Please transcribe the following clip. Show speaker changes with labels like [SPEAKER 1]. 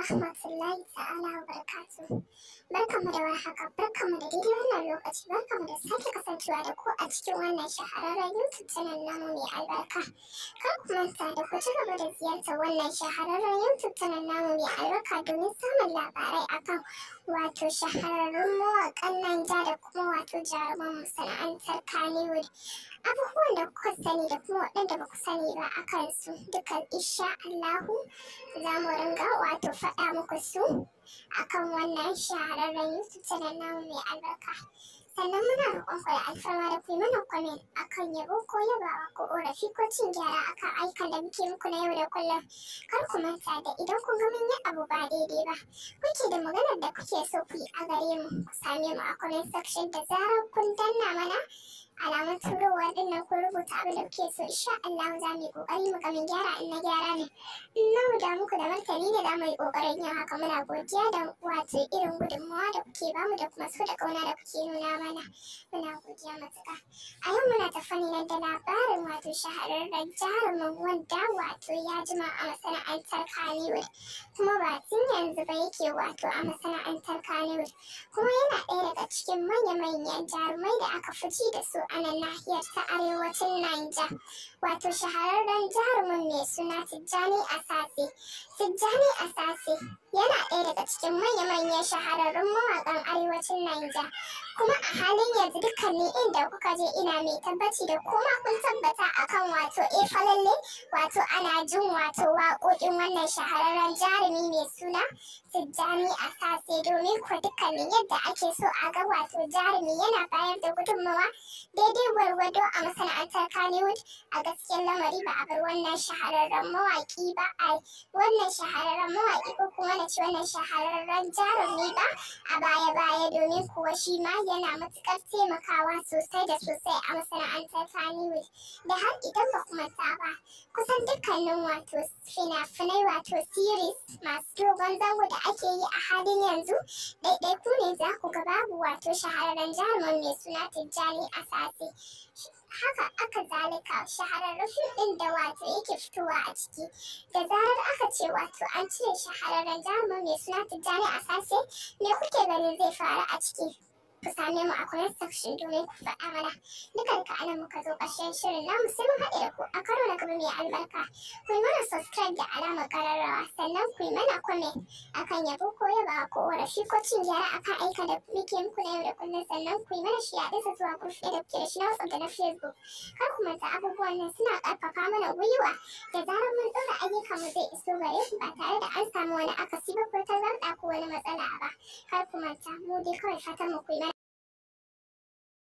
[SPEAKER 1] rahmatullahi ta'ala wa barakatu. Barkamu da warhaka, barkamu da daidai wannan lokaci, barkamu da sake kasancewa da ku a cikin wannan shahararren YouTube channel namu mai albarka. Kar ku manta da ku ci gaba da ziyartar wannan shahararren YouTube channel namu mai albarka domin samun labarai akan wato shahararrun mawaƙan Najeriya da kuma wato jaruman masana'antar Kannywood. da kuka sani da kuma waɗanda ba ku sani ba a kansu dukan isha Allahu za mu ringa wato faɗa muku su akan wannan shahararren YouTube channel namu mai albarka. Sannan muna roƙon ku da alfarma da kuma mana comment akan yabo ko yabawa ko ƙorafi ko cin gyara akan aikan da muke muku na yau da kullum. Kar ku manta da idan kun ga mun yi abu ba daidai ba kuke da maganar da kuke so ku yi a gare mu ku same mu a comment section da zarar kun danna mana. alamun turowa din nan ko rubuta abin da kuke so insha Allah za mu yi kokari mu kamin gyara in na gyara ne in na mu da muku da martani ne za mu yi kokarin yin haka muna godiya da wato irin gudunmawa da kuke bamu da kuma so da kauna da kuke nuna mana muna godiya matuƙa a yau muna tafani nan da labarin wato shahararren jarumin wanda wato ya jima a masana'antar Hollywood kuma ba tun yanzu ba yake wato a masana'antar Kannywood kuma yana ɗaya daga cikin manya-manyan jarumai da aka fuji da su a nan nahiyar ta arewacin Niger wato shahararren jarumin mai suna Tijjani Asase. Tijjani Asase yana ɗaya daga cikin manya-manyan shahararrun mawaƙan arewacin Niger kuma a halin yanzu dukkanin inda kuka je ina mai tabbaci da kuma kun tabbata akan wato e eh falalle wato ana jin wato waƙoƙin wannan shahararren jarumi mai suna Tijjani a sase domin kuwa dukkanin yadda ake so a ga wato jarumi yana bayar da gudunmawa daidai gwargwado a masana'antar Kannywood a gaskiyar lamari ba a bar wannan shahararren mawaki ba a wannan shahararren mawaki ko kuma na ci wannan shahararren jarumi ba a baya-baya domin kuwa shi ma yana matuƙar taimakawa sosai da sosai a masana'antar Kannywood da har idan ba kuma ta ba kusan dukkanin wato fina-finai wato series masu dogon zango da ake yi a halin yanzu ɗaiɗaiku ne za ku ga babu wato shahararren jami'in mai suna tijjani a sase haka aka zalika shahararren fim ɗin da wato yake fitowa a ciki da zarar aka ce wato an cire shahararren jami'in mai suna tijjani a sase me kuke ganin zai faru a ciki ku same mu a comment section domin ku faɗa mana duka duka alamu ka zo ƙarshen shirin namu sai mun haɗe da ku a karo na gaba mai albarka ku yi mana subscribe da alamar ƙararrawa sannan ku yi mana comment akan yabo ko yaba ko shi, ko cin gyara akan aika da muke muku na yau da kullum sannan ku yi mana shi a ɗinsa zuwa group ɗaya da kuke shi na WhatsApp da na Facebook kar ku manta abubuwan nan suna ƙarfafa mana gwiwa da zarar mun ɗora ayyukanmu zai iso gare ku ba tare da an samu wani akasi ba ko ta ko wani matsala ba kar ku manta mu dai kawai fatan mu ku yi